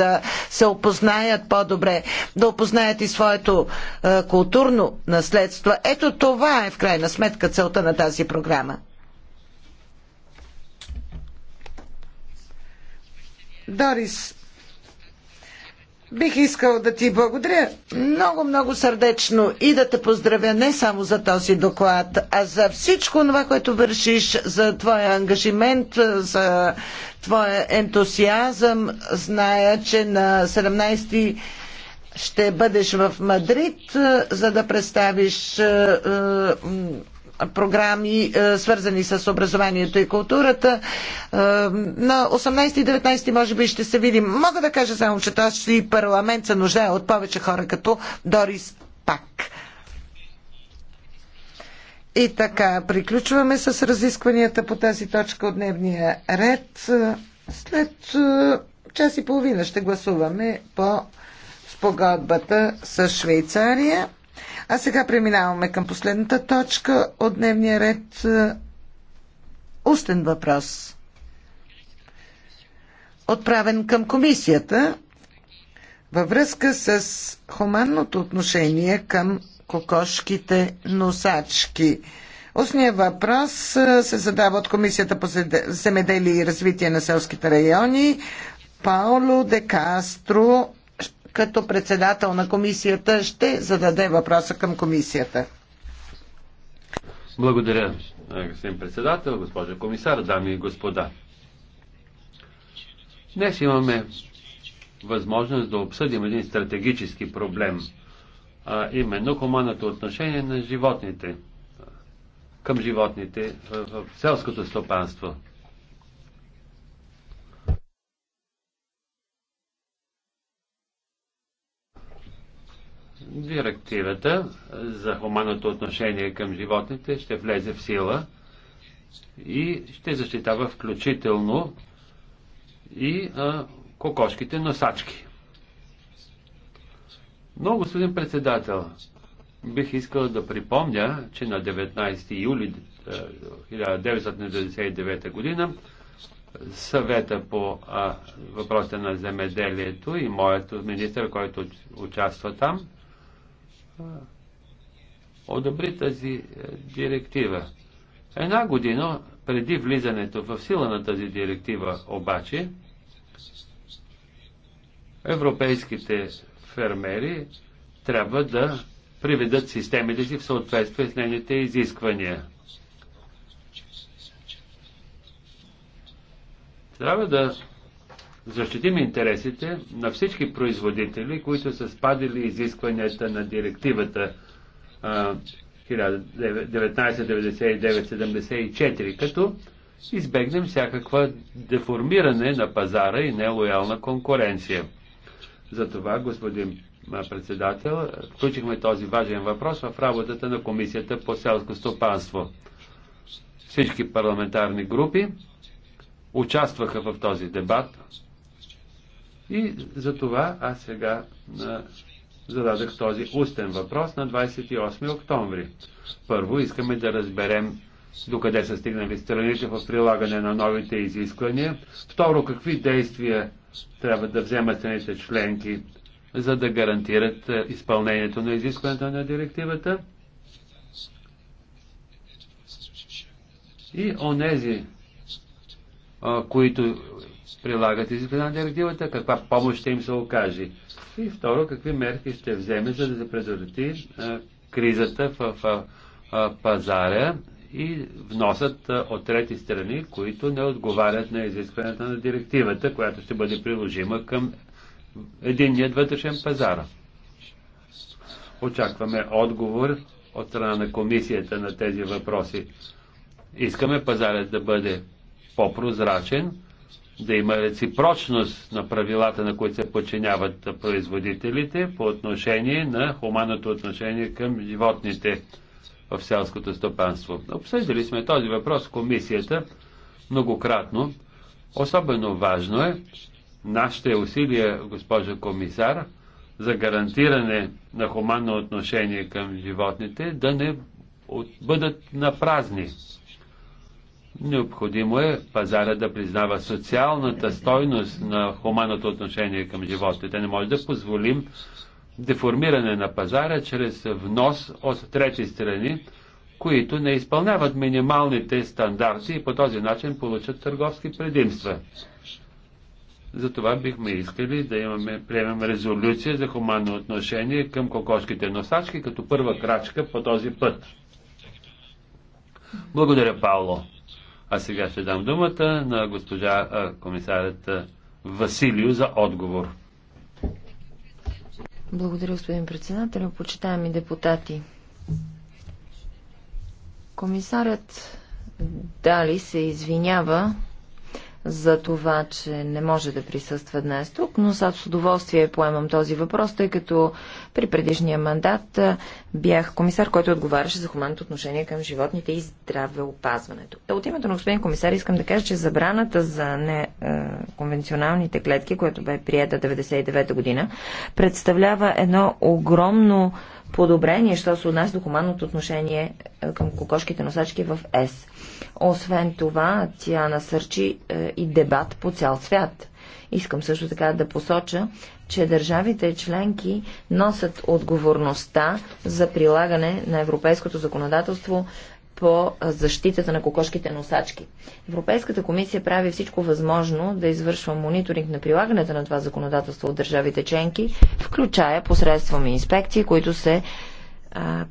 да се опознаят по-добре, да опознаят и своето а, е, културно наследство. Ето това е в крайна сметка целта на тази програма. Дарис, Бих искал да ти благодаря много, много сърдечно и да те поздравя не само за този доклад, а за всичко това, което вършиш, за твоя ангажимент, за твоя ентусиазъм. Зная, че на 17 ще бъдеш в Мадрид, за да представиш е, програми, е, свързани с образованието и културата. Е, на 18 и 19 може би ще се видим. Мога да кажа само, че този парламент се нуждае от повече хора като Дорис Пак. И така, приключваме с разискванията по тази точка от дневния ред. След е, час и половина ще гласуваме по спогодбата с Швейцария. А сега преминаваме към последната точка от дневния ред. Устен въпрос. Отправен към комисията във връзка с хуманното отношение към кокошките носачки. Устният въпрос се задава от Комисията по земеделие и развитие на селските райони Пауло де Кастро като председател на комисията ще зададе въпроса към комисията. Благодаря, господин председател, госпожа комисар, дами и господа. Днес имаме възможност да обсъдим един стратегически проблем, а именно хуманното отношение на животните към животните в селското стопанство. Директивата за хуманното отношение към животните ще влезе в сила и ще защитава включително и а, кокошките носачки. Но, господин председател, бих искал да припомня, че на 19 юли 1999 година съвета по а, въпросите на земеделието и моето министр, който участва там, одобри тази е, директива. Една година преди влизането в сила на тази директива обаче, европейските фермери трябва да приведат системите си в съответствие с нейните изисквания. Трябва да защитим интересите на всички производители, които са спадили изискванията на директивата 1999-74, като избегнем всякаква деформиране на пазара и нелоялна конкуренция. Затова, господин председател, включихме този важен въпрос в работата на Комисията по селско стопанство. Всички парламентарни групи участваха в този дебат. И за това аз сега а, зададах този устен въпрос на 28 октомври. Първо искаме да разберем докъде са стигнали страните в прилагане на новите изисквания. Второ, какви действия трябва да вземат страните членки, за да гарантират изпълнението на изискването на директивата. И онези, които прилагат изискване на директивата, каква помощ ще им се окаже. И второ, какви мерки ще вземе, за да се предотврати кризата в в а, пазара и вносът от трети страни, които не отговарят на изискването на директивата, която ще бъде приложима към единният вътрешен пазар. Очакваме отговор от страна на комисията на тези въпроси. Искаме пазарът да бъде по-прозрачен, да има реципрочност на правилата, на които се подчиняват производителите по отношение на хуманното отношение към животните в селското стопанство. Обсъждали сме този въпрос в комисията многократно. Особено важно е нашите усилия, госпожа комисар, за гарантиране на хуманно отношение към животните да не бъдат на празни. Необходимо е пазара да признава социалната стойност на хуманното отношение към животните. Не може да позволим деформиране на пазара чрез внос от трети страни, които не изпълняват минималните стандарти и по този начин получат търговски предимства. Затова бихме искали да имаме, приемем резолюция за хуманно отношение към кокошките носачки като първа крачка по този път. Благодаря, Павло. А сега ще дам думата на госпожа комисарят Василио за отговор. Благодаря, господин председател. Почитаеми депутати. Комисарят Дали се извинява за това, че не може да присъства днес тук, но с удоволствие поемам този въпрос, тъй като при предишния мандат бях комисар, който отговаряше за хуманното отношение към животните и здравеопазването. Е, от името на господин комисар искам да кажа, че забраната за неконвенционалните клетки, която бе прията 99 година, представлява едно огромно подобрение, що се отнася до хуманното отношение е, към кокошките носачки в ЕС. Освен това, тя насърчи е, и дебат по цял свят. Искам също така да посоча, че държавите членки носят отговорността за прилагане на европейското законодателство по защитата на кокошките носачки. Европейската комисия прави всичко възможно да извършва мониторинг на прилагането на това законодателство от държавите членки, включая посредством инспекции, които се а,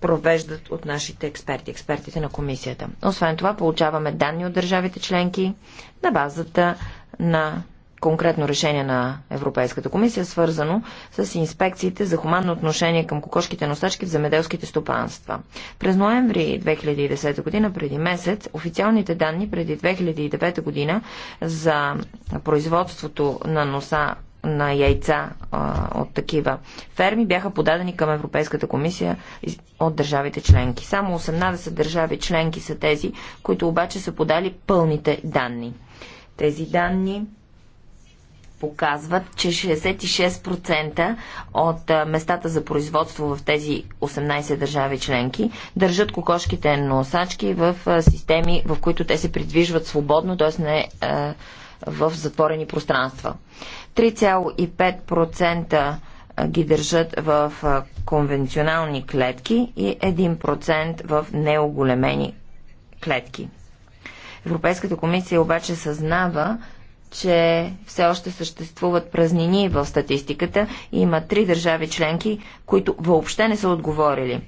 провеждат от нашите експерти, експертите на комисията. Освен това, получаваме данни от държавите членки на базата на конкретно решение на Европейската комисия, свързано с инспекциите за хуманно отношение към кокошките носачки в земеделските стопанства. През ноември 2010 година, преди месец, официалните данни преди 2009 година за производството на носа на яйца а, от такива ферми бяха подадени към Европейската комисия от държавите членки. Само 18 държави членки са тези, които обаче са подали пълните данни. Тези данни показват, че 66% от местата за производство в тези 18 държави членки държат кокошките носачки в системи, в които те се придвижват свободно, т.е. не в затворени пространства. 3,5% ги държат в конвенционални клетки и 1% в неоголемени клетки. Европейската комисия обаче съзнава, че все още съществуват празнини в статистиката. Има три държави членки, които въобще не са отговорили.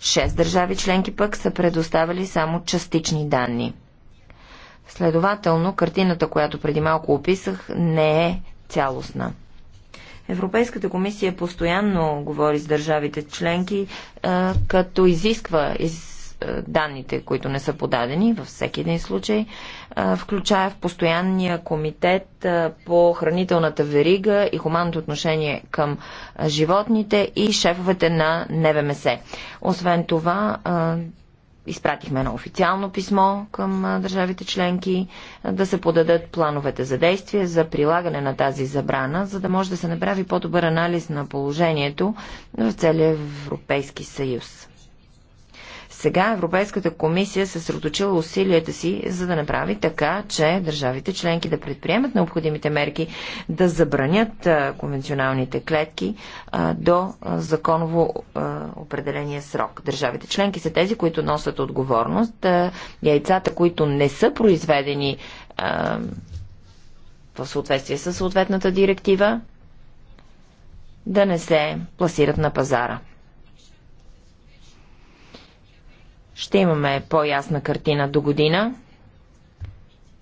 Шест държави членки пък са предоставили само частични данни. Следователно, картината, която преди малко описах, не е цялостна. Европейската комисия постоянно говори с държавите членки, като изисква из данните, които не са подадени във всеки един случай, включая в постоянния комитет по хранителната верига и хуманното отношение към животните и шефовете на НВМС. Освен това, изпратихме едно официално писмо към държавите членки да се подадат плановете за действие за прилагане на тази забрана, за да може да се направи по-добър анализ на положението в целия Европейски съюз. Сега Европейската комисия се съсредоточила усилията си, за да направи така, че държавите членки да предприемат необходимите мерки да забранят конвенционалните клетки до законово определения срок. Държавите членки са тези, които носят отговорност. Яйцата, които не са произведени в съответствие с съответната директива, да не се пласират на пазара. Ще имаме по-ясна картина до година,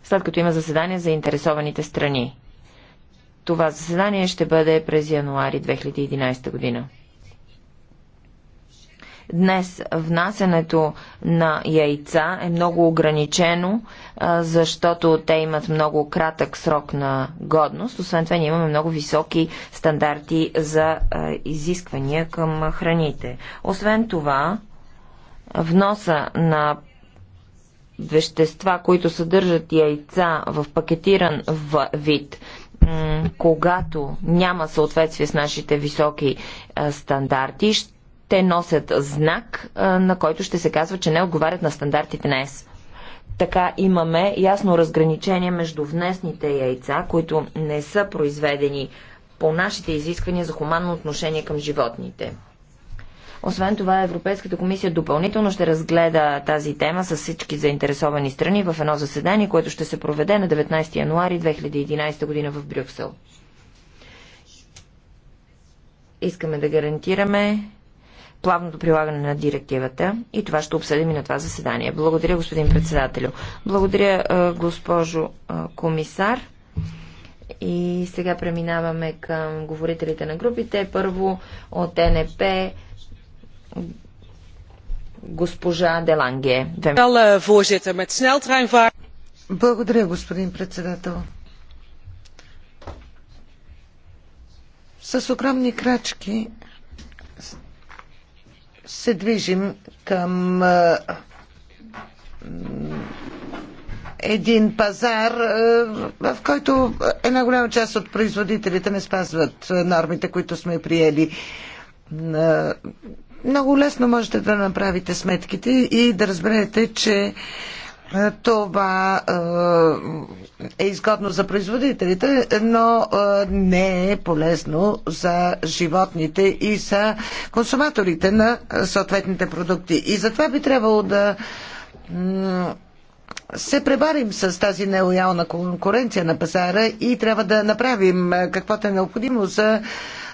след като има заседание за интересованите страни. Това заседание ще бъде през януари 2011 година. Днес внасенето на яйца е много ограничено, защото те имат много кратък срок на годност. Освен това, ние имаме много високи стандарти за изисквания към храните. Освен това, вноса на вещества, които съдържат яйца в пакетиран вид, когато няма съответствие с нашите високи стандарти, те носят знак, на който ще се казва, че не отговарят на стандартите на ЕС. Така имаме ясно разграничение между внесните яйца, които не са произведени по нашите изисквания за хуманно отношение към животните. Освен това, Европейската комисия допълнително ще разгледа тази тема с всички заинтересовани страни в едно заседание, което ще се проведе на 19 януари 2011 година в Брюксел. Искаме да гарантираме плавното прилагане на директивата и това ще обсъдим и на това заседание. Благодаря, господин председателю. Благодаря, е, госпожо е, комисар. И сега преминаваме към говорителите на групите. Първо от НП Госпожа Деланге. Благодаря, господин председател. С огромни крачки се движим към един пазар, в който една голяма част от производителите не спазват нормите, които сме приели. Много лесно можете да направите сметките и да разберете, че е, това е, е изгодно за производителите, но е, не е полезно за животните и за консуматорите на съответните продукти. И затова би трябвало да се пребарим с тази нелоялна конкуренция на пазара и трябва да направим е, каквото е необходимо за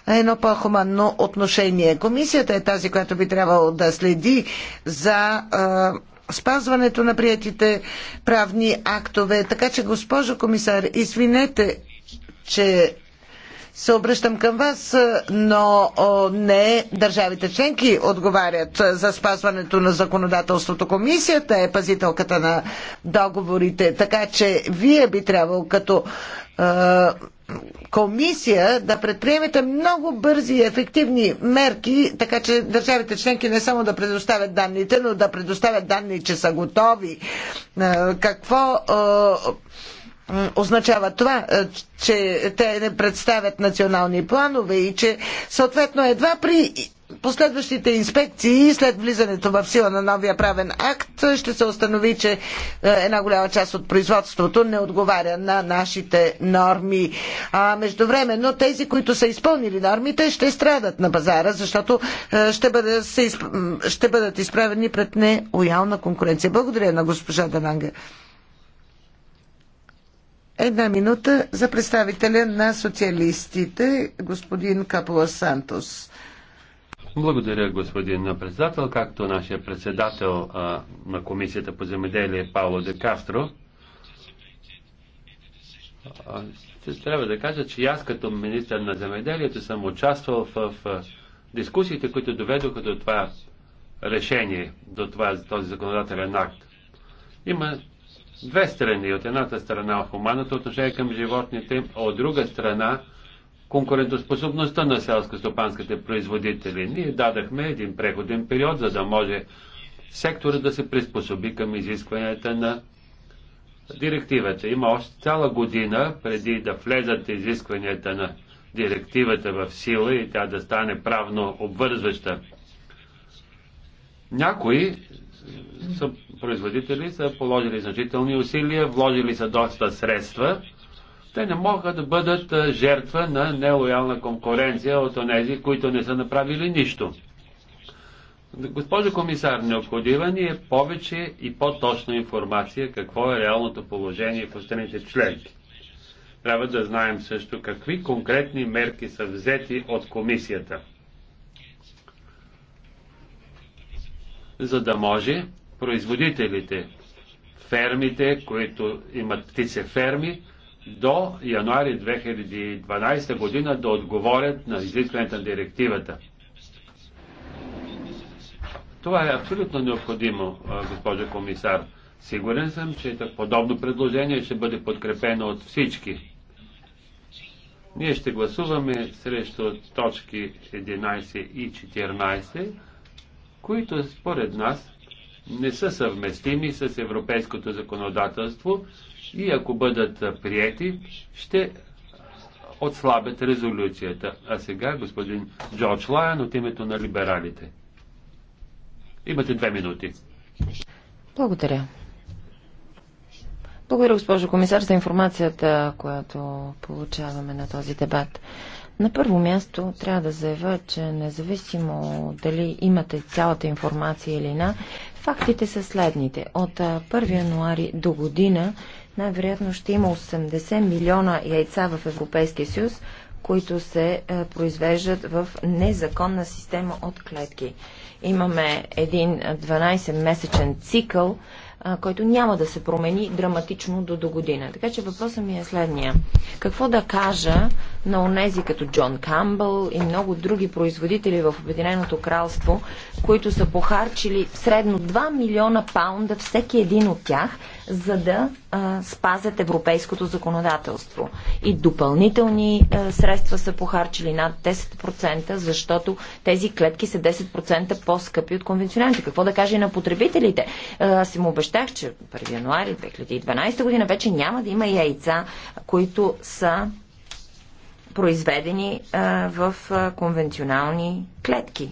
едно по-хуманно отношение. Комисията е тази, която би трябвало да следи за е, спазването на приятите правни актове. Така че, госпожо комисар, извинете, че се обръщам към вас, е, но не държавите членки отговарят е, за спазването на законодателството. Комисията е пазителката на договорите, така че вие би трябвало като е, комисия да предприемете много бързи и ефективни мерки, така че държавите членки не само да предоставят данните, но да предоставят данни, че са готови. какво означава това, е, че те не представят национални планове и че съответно едва при последващите инспекции след влизането в сила на новия правен акт ще се установи, че е, една голяма част от производството не отговаря на нашите норми. А междувременно тези, които са изпълнили нормите, ще страдат на пазара, защото е, ще, бъде, ще бъдат изправени пред нелоялна конкуренция. Благодаря на госпожа Дананга. Една минута за представителя на социалистите, господин Капола Сантос. Благодаря, господин председател. Както нашия председател а, на Комисията по земеделие Пауло де Кастро, а, трябва да кажа, че аз като министър на земеделието съм участвал в, в дискусиите, които доведоха до това решение, до това, този законодателен акт. Има две страни. От едната страна хуманното отношение към животните, а от друга страна конкурентоспособността на селско-стопанските производители. Ние дадахме един преходен период, за да може сектора да се приспособи към изискванията на директивата. Има още цяла година преди да влезат изискванията на директивата в сила и тя да стане правно обвързваща. Някои са производители са положили значителни усилия, вложили са доста средства. Те не могат да бъдат жертва на нелоялна конкуренция от онези, които не са направили нищо. Госпожо комисар, необходима ни е повече и по-точна информация какво е реалното положение в страните членки. Трябва да знаем също какви конкретни мерки са взети от комисията. За да може производителите, фермите, които имат птице ферми, до януари 2012 година да отговорят на изискването на директивата. Това е абсолютно необходимо, госпожа комисар. Сигурен съм, че подобно предложение ще бъде подкрепено от всички. Ние ще гласуваме срещу точки 11 и 14, които според нас не са съвместими с европейското законодателство и ако бъдат приети, ще отслабят резолюцията. А сега господин Джордж Лайан от името на либералите. Имате две минути. Благодаря. Благодаря, госпожо комисар, за информацията, която получаваме на този дебат. На първо място трябва да заявя, че независимо дали имате цялата информация или не, Фактите са следните. От 1 януари до година най-вероятно ще има 80 милиона яйца в Европейския съюз, които се произвеждат в незаконна система от клетки. Имаме един 12-месечен цикъл който няма да се промени драматично до до година. Така че въпросът ми е следния. Какво да кажа на онези като Джон Камбъл и много други производители в Обединеното кралство, които са похарчили средно 2 милиона паунда всеки един от тях, за да а, спазят европейското законодателство. И допълнителни а, средства са похарчили над 10%, защото тези клетки са 10% по-скъпи от конвенционалните. Какво да кажа и на потребителите? Аз си му обещах, че 1 януари 2012 година вече няма да има яйца, които са произведени а, в а, конвенционални клетки.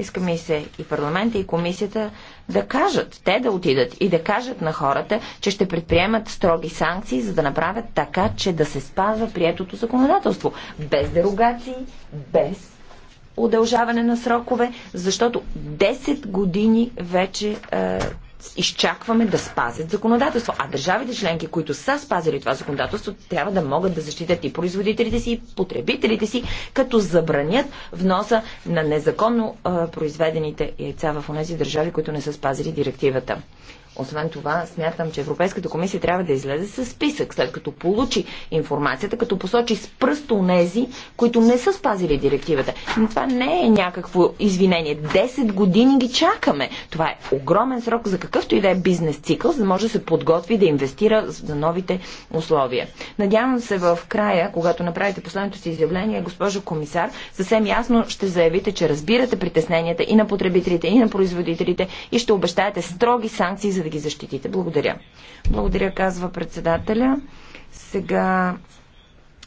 Иска ми се и парламента, и комисията да кажат, те да отидат и да кажат на хората, че ще предприемат строги санкции, за да направят така, че да се спазва приетото законодателство. Без дерогации, без удължаване на срокове, защото 10 години вече е, изчакваме да спазят законодателство. А държавите членки, които са спазили това законодателство, трябва да могат да защитят и производителите си, и потребителите си, като забранят вноса на незаконно а, произведените яйца в тези държави, които не са спазили директивата. Освен това, смятам, че Европейската комисия трябва да излезе с списък, след като получи информацията, като посочи с пръст онези, които не са спазили директивата. Но това не е някакво извинение. Десет години ги чакаме. Това е огромен срок за какъвто и да е бизнес цикъл, за да може да се подготви да инвестира за новите условия. Надявам се в края, когато направите последното си изявление, госпожо комисар, съвсем ясно ще заявите, че разбирате притесненията и на потребителите, и на производителите и ще обещаете строги санкции за за да ги защитите. Благодаря. Благодаря, казва председателя. Сега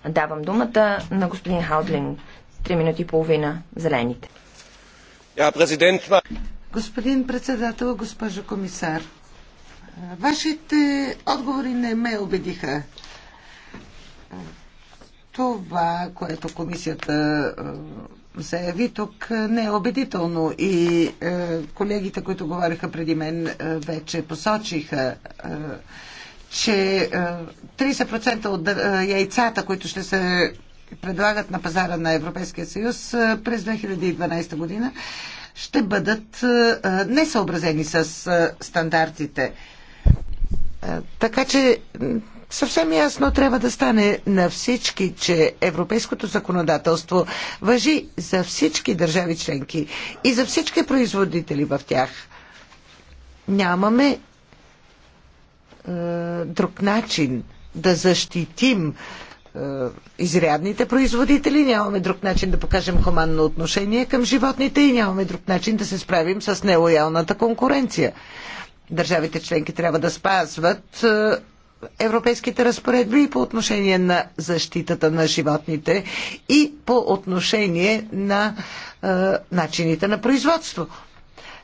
давам думата на господин Хаудлин. Три минути и половина. Зелените. Господин председател, госпожо комисар, вашите отговори не ме убедиха. Това, което комисията заяви тук е, не е убедително и е, колегите, които говориха преди мен, е, вече посочиха, е, че е, 30% от е, яйцата, които ще се предлагат на пазара на Европейския съюз е, през 2012 година, ще бъдат е, е, несъобразени с е, стандартите. Е, така че Съвсем ясно трябва да стане на всички, че европейското законодателство въжи за всички държави членки и за всички производители в тях. Нямаме е, друг начин да защитим е, изрядните производители, нямаме друг начин да покажем хуманно отношение към животните и нямаме друг начин да се справим с нелоялната конкуренция. Държавите членки трябва да спазват е, европейските разпоредби и по отношение на защитата на животните и по отношение на е, начините на производство.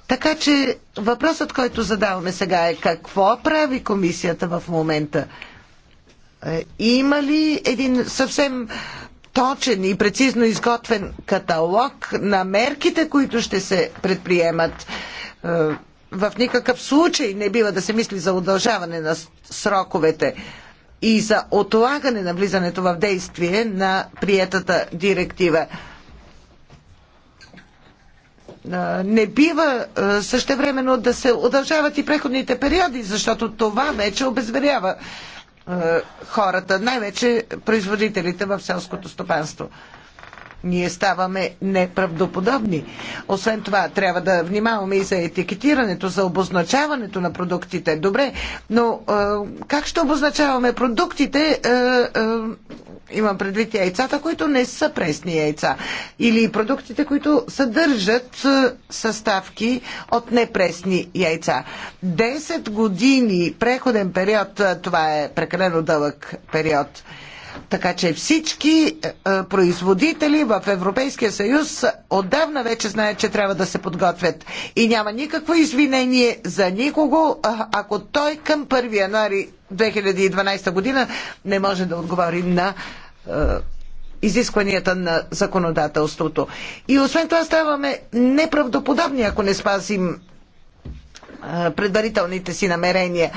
Така че въпросът, който задаваме сега е какво прави комисията в момента? Е, има ли един съвсем точен и прецизно изготвен каталог на мерките, които ще се предприемат? Е, в никакъв случай не бива да се мисли за удължаване на сроковете и за отлагане на влизането в действие на приетата директива. Не бива същевременно да се удължават и преходните периоди, защото това вече обезверява хората, най-вече производителите в селското стопанство ние ставаме неправдоподобни. Освен това, трябва да внимаваме и за етикетирането, за обозначаването на продуктите. Добре, но е, как ще обозначаваме продуктите? Е, е, имам предвид яйцата, които не са пресни яйца. Или продуктите, които съдържат съставки от непресни яйца. Десет години преходен период, това е прекалено дълъг период. Така че всички е, е, производители в Европейския съюз отдавна вече знаят, че трябва да се подготвят. И няма никакво извинение за никого, ако той към 1 януари 2012 година не може да отговори на е, изискванията на законодателството. И освен това ставаме неправдоподобни, ако не спазим предварителните си намерения.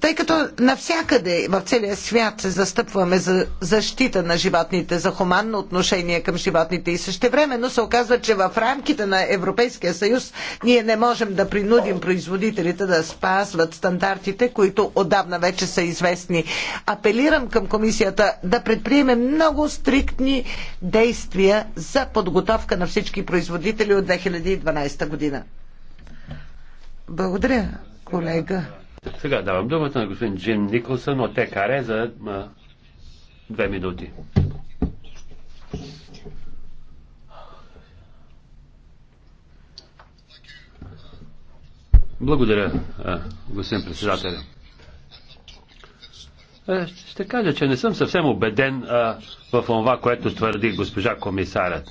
Тъй като навсякъде в целия свят се застъпваме за защита на животните, за хуманно отношение към животните и същевременно се оказва, че в рамките на Европейския съюз ние не можем да принудим производителите да спазват стандартите, които отдавна вече са известни. Апелирам към комисията да предприеме много стриктни действия за подготовка на всички производители от 2012 година. Благодаря, колега. Сега давам думата на господин Джим Николсън от ТКР за ма, две минути. Благодаря, господин председател. Ще кажа, че не съм съвсем убеден а, в това, което твърди госпожа комисарят.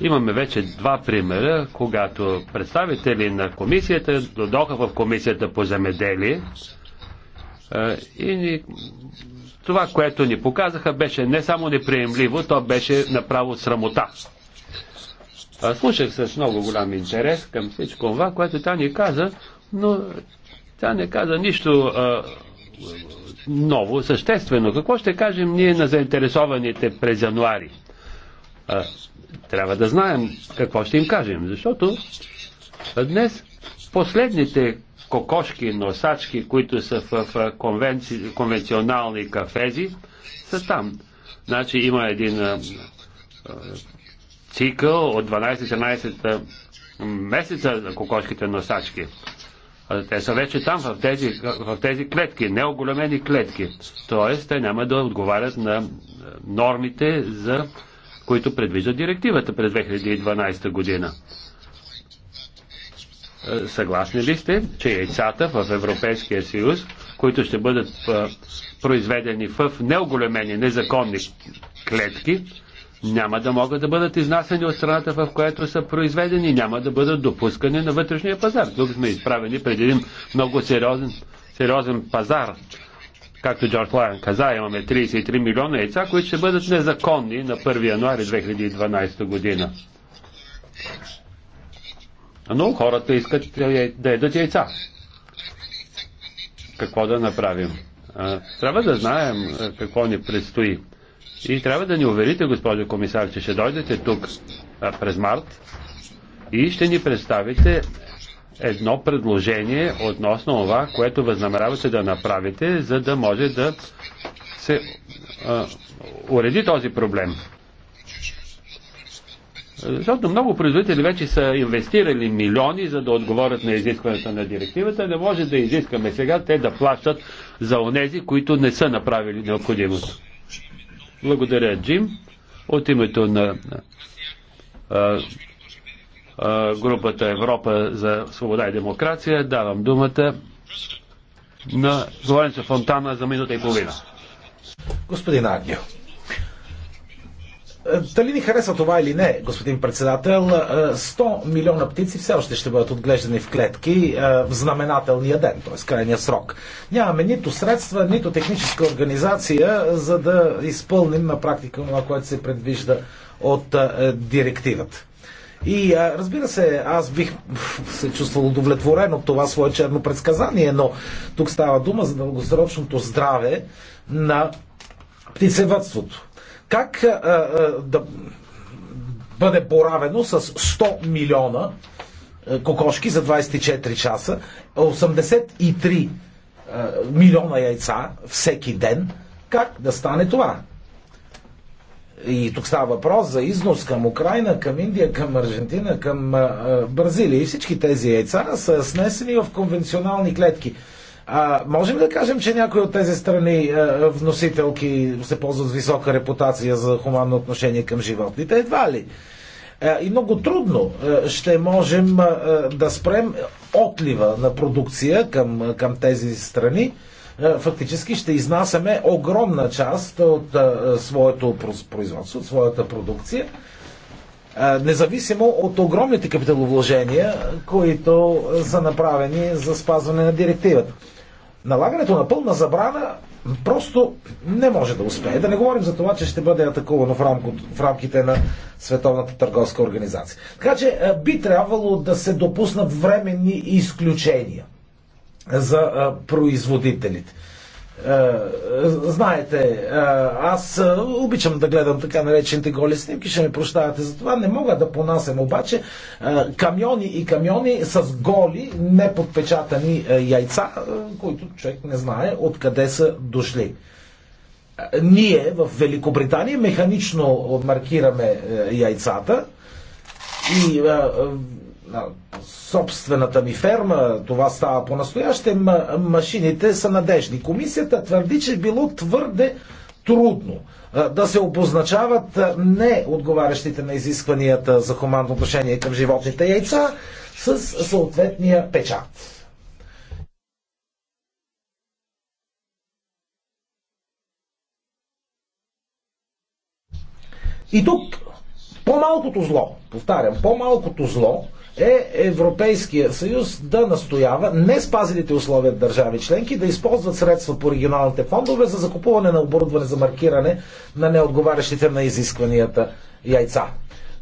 Имаме вече два примера, когато представители на комисията додоха в комисията по земеделие и ни, това, което ни показаха, беше не само неприемливо, то беше направо срамота. Слушах с много голям интерес към всичко това, което тя ни каза, но тя не каза нищо а, ново, съществено. Какво ще кажем ние на заинтересованите през януари? трябва да знаем какво ще им кажем, защото днес последните кокошки, носачки, които са в, конвенци... конвенционални кафези, са там. Значи има един а, а, цикъл от 12-13 месеца за кокошките носачки. А, те са вече там, в тези, в тези клетки, неоголемени клетки. Тоест, те няма да отговарят на нормите за които предвижда директивата през 2012 година. Е, съгласни ли сте, че яйцата в Европейския съюз, които ще бъдат е, произведени в неоголемени незаконни клетки, няма да могат да бъдат изнасяни от страната, в която са произведени, няма да бъдат допускани на вътрешния пазар. Тук сме изправени пред един много сериозен, сериозен пазар както Джордж Лайан каза, имаме 33 милиона яйца, които ще бъдат незаконни на 1 януари 2012 година. Но хората искат да ядат яйца. Какво да направим? Трябва да знаем какво ни предстои. И трябва да ни уверите, госпожо комисар, че ще дойдете тук през март и ще ни представите едно предложение относно това, което възнамерявате да направите, за да може да се а, уреди този проблем. Защото много производители вече са инвестирали милиони, за да отговорят на изискването на директивата. Не може да изискаме сега те да плащат за онези, които не са направили необходимото. Благодаря, Джим. От името на групата Европа за свобода и демокрация. Давам думата на Лоренцо Фонтана за минута и половина. Господин Агнио, е, дали ни харесва това или не, господин председател, 100 е, милиона птици все още ще бъдат отглеждани в клетки е, в знаменателния ден, т.е. крайния срок. Нямаме нито средства, нито техническа организация, за да изпълним на практика това, което се предвижда от директивата. И а, разбира се, аз бих се чувствал удовлетворен от това свое черно предсказание, но тук става дума за дългосрочното здраве на птицевътството. Как а, а, да бъде поравено с 100 милиона кокошки за 24 часа, 83 милиона яйца всеки ден. Как да стане това? И тук става въпрос за износ към Украина, към Индия, към Аржентина, към Бразилия. И всички тези яйца са снесени в конвенционални клетки. А, можем да кажем, че някои от тези страни а, вносителки се ползват с висока репутация за хуманно отношение към животните? Едва ли. А, и много трудно а, ще можем а, да спрем отлива на продукция към, към тези страни. Е, фактически ще изнасяме огромна част от е, своето производство, от своята продукция, е, независимо от огромните капиталовложения, които са направени за спазване на директивата. Налагането на пълна забрана просто не може да успее. Да не говорим за това, че ще бъде атакувано в, рамко, в рамките на Световната търговска организация. Така че би трябвало да се допуснат временни изключения – за производителите. Знаете, аз обичам да гледам така наречените голи снимки, ще ме прощавате за това. Не мога да понасям обаче камиони и камиони с голи, неподпечатани яйца, които човек не знае откъде са дошли. Ние в Великобритания механично маркираме яйцата и на собствената ми ферма, това става по-настояще, машините са надежни. Комисията твърди, че било твърде трудно да се обозначават не отговарящите на изискванията за хуманно отношение към животните яйца с съответния печат. И тук по-малкото зло, повтарям, по-малкото зло е Европейския съюз да настоява не спазилите условия държави членки да използват средства по регионалните фондове за закупуване на оборудване за маркиране на неотговарящите на изискванията яйца.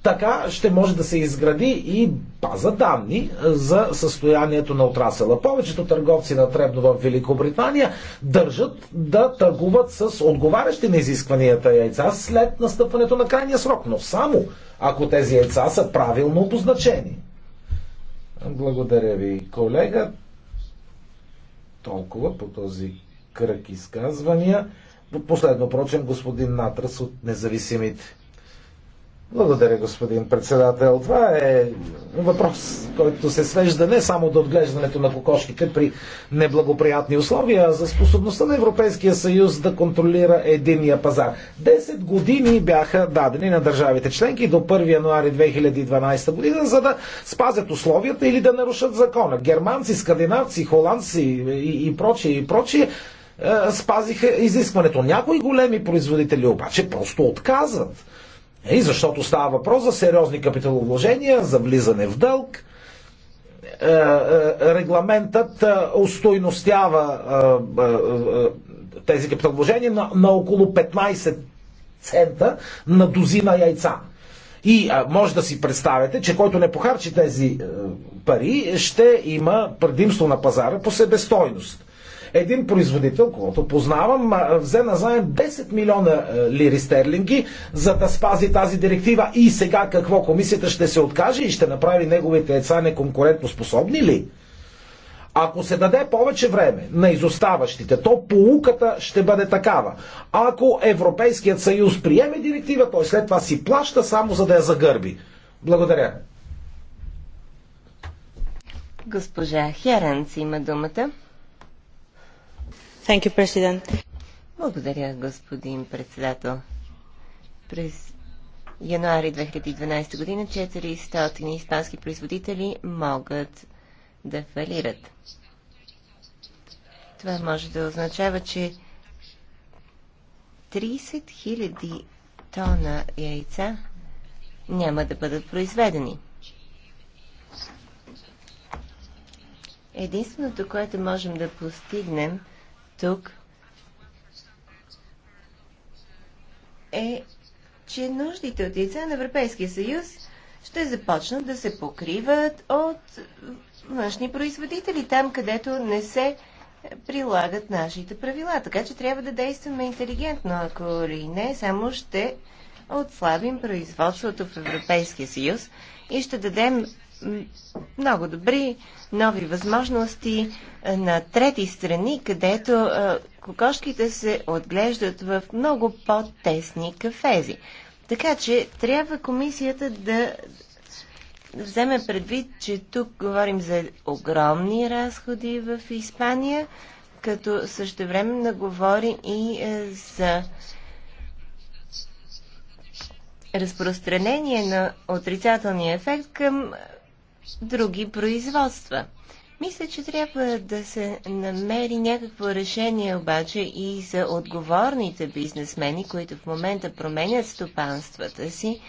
Така ще може да се изгради и база данни за състоянието на отрасъла. Повечето търговци на Требно в Великобритания държат да търгуват с отговарящи на изискванията яйца след настъпването на крайния срок, но само ако тези яйца са правилно обозначени. Благодаря ви, колега. Толкова по този кръг изказвания. Последно, прочен, господин Натрас от независимите. Благодаря, господин председател. Това е въпрос, който се свежда не само до отглеждането на кокошките при неблагоприятни условия, а за способността на Европейския съюз да контролира единния пазар. Десет години бяха дадени на държавите членки до 1 януари 2012 година, за да спазят условията или да нарушат закона. Германци, скандинавци, холандци и, и прочие, и прочие е, спазиха изискването. Някои големи производители обаче просто отказват и нали, защото става въпрос за сериозни капиталовложения, за влизане в дълг. Е, е, регламентът е, устойностява тези капиталовложения на, на около 15 цента на дозина яйца. И а, може да си представите, че който не похарчи тези пари, ще има предимство на пазара по себестойност един производител, когато познавам, взе на заем 10 милиона е, лири стерлинги, за да спази тази директива. И сега какво? Комисията ще се откаже и ще направи неговите яйца неконкурентно способни ли? Ако се даде повече време на изоставащите, то полуката ще бъде такава. Ако Европейският съюз приеме директива, той след това си плаща само за да я загърби. Благодаря. Госпожа Херенц има думата. You, Благодаря, господин председател. През януари 2012 година 400 испански производители могат да фалират. Това може да означава, че 30 000 тона яйца няма да бъдат произведени. Единственото, което можем да постигнем – тук е, че нуждите от деца на Европейския съюз ще започнат да се покриват от външни производители, там където не се прилагат нашите правила. Така че трябва да действаме интелигентно. Ако ли не, само ще отслабим производството в Европейския съюз и ще дадем много добри нови възможности на трети страни, където кокошките се отглеждат в много по-тесни кафези. Така че трябва комисията да вземе предвид, че тук говорим за огромни разходи в Испания, като да говорим и е, за разпространение на отрицателния ефект към други производства. Мисля, че трябва да се намери някакво решение обаче и за отговорните бизнесмени, които в момента променят стопанствата си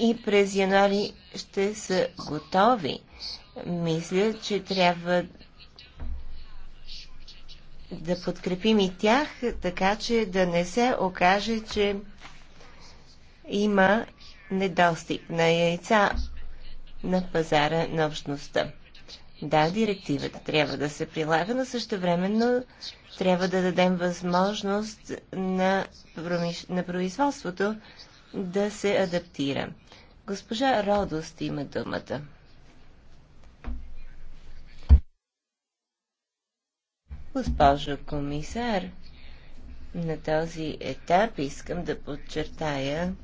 и през януари ще са готови. Мисля, че трябва да подкрепим и тях, така че да не се окаже, че има недостиг на яйца на пазара на общността. Да, директивата трябва да се прилага, но същевременно трябва да дадем възможност на, промиш... на производството да се адаптира. Госпожа Родост има думата. Госпожо комисар, на този етап искам да подчертая,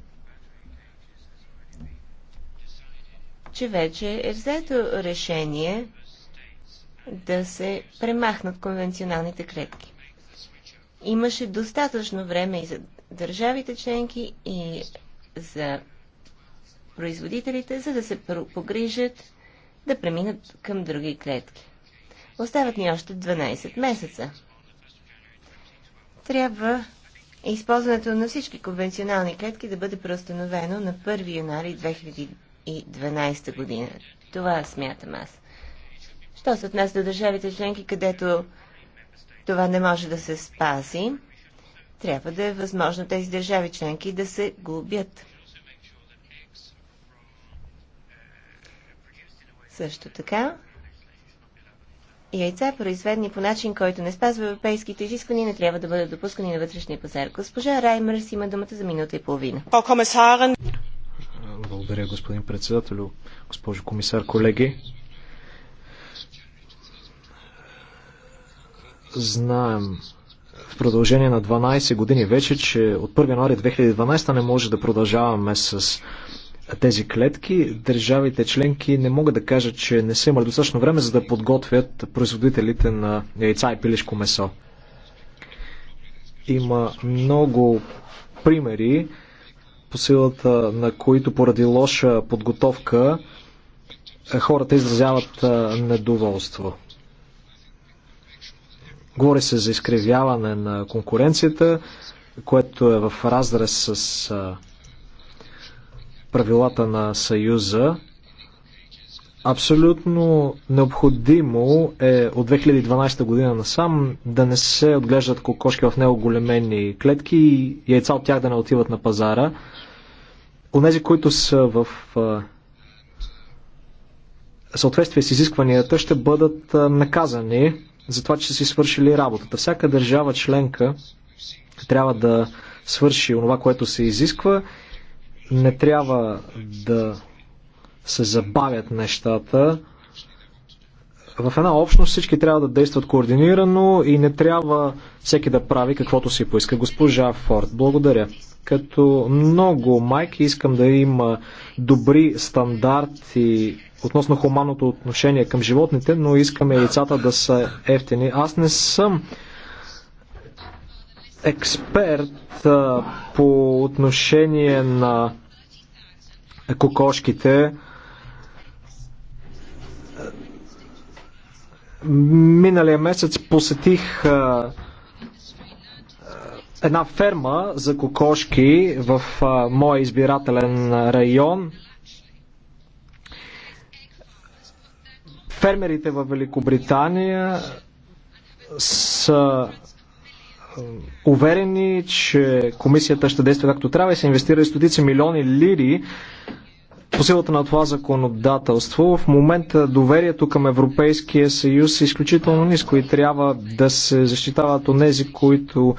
че вече е взето решение да се премахнат конвенционалните клетки. Имаше достатъчно време и за държавите членки, и за производителите, за да се погрижат да преминат към други клетки. Остават ни още 12 месеца. Трябва използването на всички конвенционални клетки да бъде преустановено на 1 януари 2012 година. Това смятам аз. Що се отнася до държавите членки, където това не може да се спази, трябва да е възможно тези държави членки да се губят. Също така, яйца, произведени по начин, който не спазва европейските изисквания, не трябва да бъдат допускани на вътрешния пазар. Госпожа Раймърс има думата за минута и половина. Благодаря, господин председател, госпожо комисар, колеги. Знаем в продължение на 12 години вече, че от 1 януари 2012 не може да продължаваме с тези клетки. Държавите членки не могат да кажат, че не са имали достатъчно време, за да подготвят производителите на яйца и пилешко месо. Има много примери по силата на които поради лоша подготовка е, хората изразяват е, недоволство. Говори се за изкривяване на конкуренцията, което е в разрез с е, правилата на Съюза. Абсолютно необходимо е от 2012 година насам да не се отглеждат кокошки в него големени клетки и яйца от тях да не отиват на пазара. Онези, които са в съответствие с изискванията, ще бъдат наказани за това, че са си свършили работата. Всяка държава членка трябва да свърши онова, което се изисква. Не трябва да се забавят нещата. В една общност всички трябва да действат координирано и не трябва всеки да прави каквото си поиска. Госпожа Форд, благодаря. Като много майки искам да има добри стандарти относно хуманното отношение към животните, но искаме децата да са ефтини. Аз не съм експерт а, по отношение на кокошките. Миналия месец посетих а, една ферма за кокошки в а, моя избирателен район. Фермерите в Великобритания са уверени, че комисията ще действа както трябва и са инвестирали стотици милиони лири по силата на това законодателство. В момента доверието към Европейския съюз е изключително ниско и трябва да се защитават от тези, които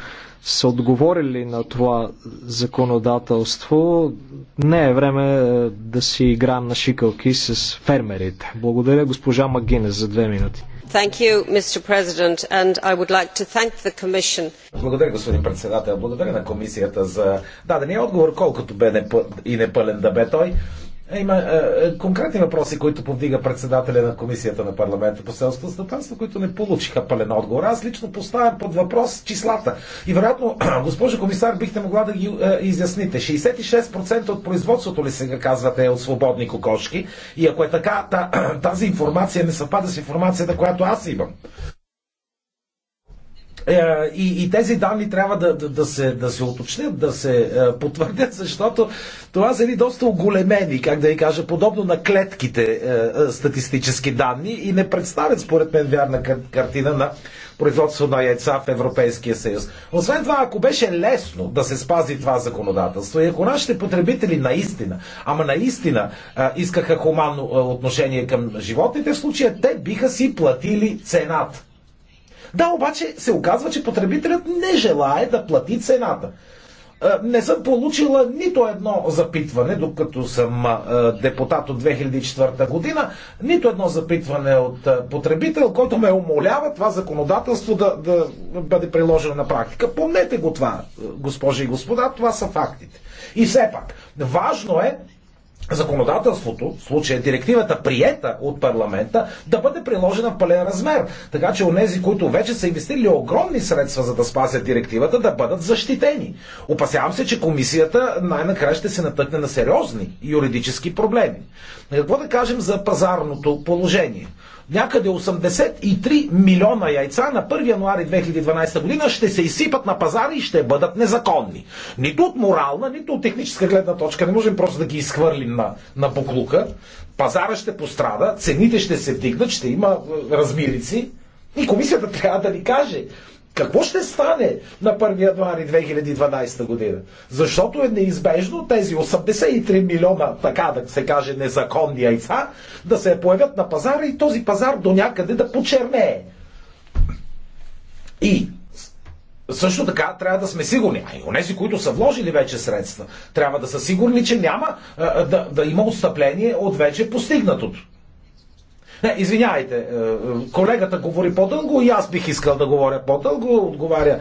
са отговорили на това законодателство, не е време е, да си играем на шикалки с фермерите. Благодаря госпожа Магинес за две минути. Благодаря, господин председател. Благодаря на комисията за дадения отговор, колкото бе и непълен да бе той. Е, има е, е, конкретни въпроси, които повдига председателя на Комисията на парламента по селско стопанство, които не получиха пълен отговор. Аз лично поставям под въпрос числата. И вероятно, госпожо комисар, бихте могла да ги е, изясните. 66% от производството ли сега казвате е от свободни кокошки? И ако е така, та, тази информация не съвпада с информацията, която аз имам е, и, и тези данни трябва да, да, да, се, да се уточнят, да се е, потвърдят, защото това са едни доста оголемени, как да ви кажа, подобно на клетките е, статистически данни и не представят, според мен, вярна картина на производство на яйца в Европейския съюз. Освен това, ако беше лесно да се спази това законодателство и ако нашите потребители наистина, ама наистина а, искаха хуманно отношение към животните, в случая те биха си платили цената. Да, обаче се оказва, че потребителят не желае да плати цената. Е, не съм получила нито едно запитване, докато съм е, депутат от 2004 година, нито едно запитване от е, потребител, който ме умолява това законодателство да, да бъде приложено на практика. Помнете го това, госпожи и господа, това са фактите. И все пак, важно е законодателството, в случая директивата приета от парламента, да бъде приложена в пълен размер. Така че онези, които вече са инвестирали огромни средства за да спасят директивата, да бъдат защитени. Опасявам се, че комисията най-накрая ще се натъкне на сериозни юридически проблеми. Какво да кажем за пазарното положение? Някъде 83 милиона яйца на 1 януари 2012 година ще се изсипат на пазари и ще бъдат незаконни. Нито от морална, нито от техническа гледна точка не можем просто да ги изхвърлим начин на, на буклука, пазара ще пострада, цените ще се вдигнат, ще има е, размирици и комисията трябва да ни каже какво ще стане на 1 януари 2012 година? Защото е неизбежно тези 83 милиона, така да се каже, незаконни яйца да се появят на пазара и този пазар до някъде да почернее. И също така трябва да сме сигурни, а и онези, които са вложили вече средства, трябва да са сигурни, че няма да, да има отстъпление от вече постигнатото. Не, извинявайте, е, колегата говори по-дълго и аз бих искал да говоря по-дълго, отговаря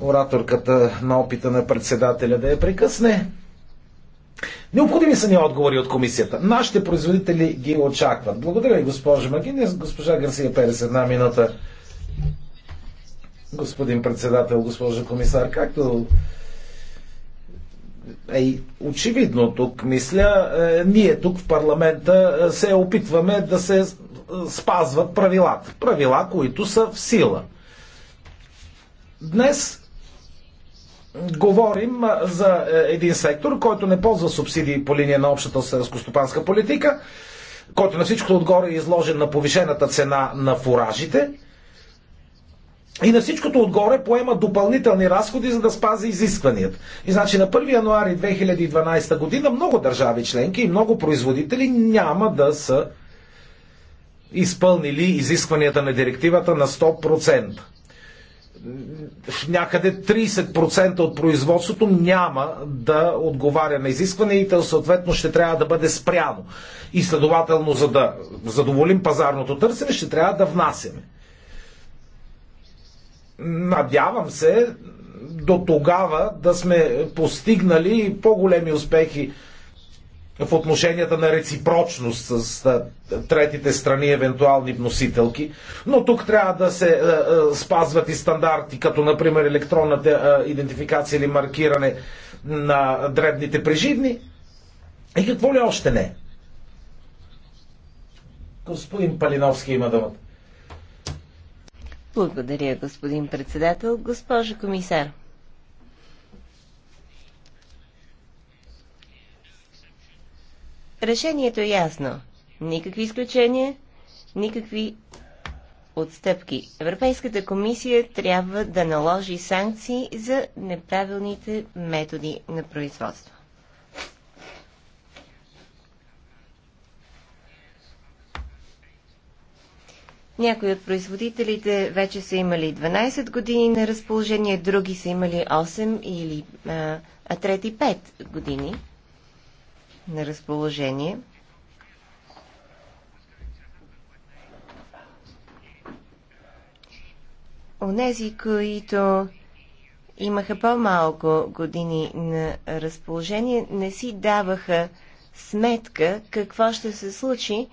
ораторката на опита на председателя да я прекъсне. Необходими са ни отговори от комисията. Нашите производители ги очакват. Благодаря ви, госпожа Магинес. Госпожа Гарсия Перес, една минута господин председател, госпожо комисар. Както е очевидно тук, мисля, е, ние тук в парламента е, се опитваме да се е, спазват правилата. Правила, които са в сила. Днес говорим за един сектор, който не ползва субсидии по линия на общата селскостопанска политика, който на всичкото отгоре е изложен на повишената цена на фуражите – и на всичкото отгоре поема допълнителни разходи, за да спази изискванията. И значи на 1 януари 2012 година много държави членки и много производители няма да са изпълнили изискванията на директивата на 100%. Някъде 30% от производството няма да отговаря на изискванията и съответно ще трябва да бъде спряно. И следователно, за да задоволим пазарното търсене, ще трябва да внасяме. Надявам се до тогава да сме постигнали по-големи успехи в отношенията на реципрочност с третите страни, евентуални вносителки. Но тук трябва да се спазват и стандарти, като например електронната идентификация или маркиране на дребните преживни. И какво ли още не? Господин Палиновски има думата. Благодаря, господин председател. Госпожо комисар. Решението е ясно. Никакви изключения, никакви отстъпки. Европейската комисия трябва да наложи санкции за неправилните методи на производство. Някои от производителите вече са имали 12 години на разположение, други са имали 8 или а, а трети 5 години на разположение. Онези, които имаха по-малко години на разположение, не си даваха сметка какво ще се случи,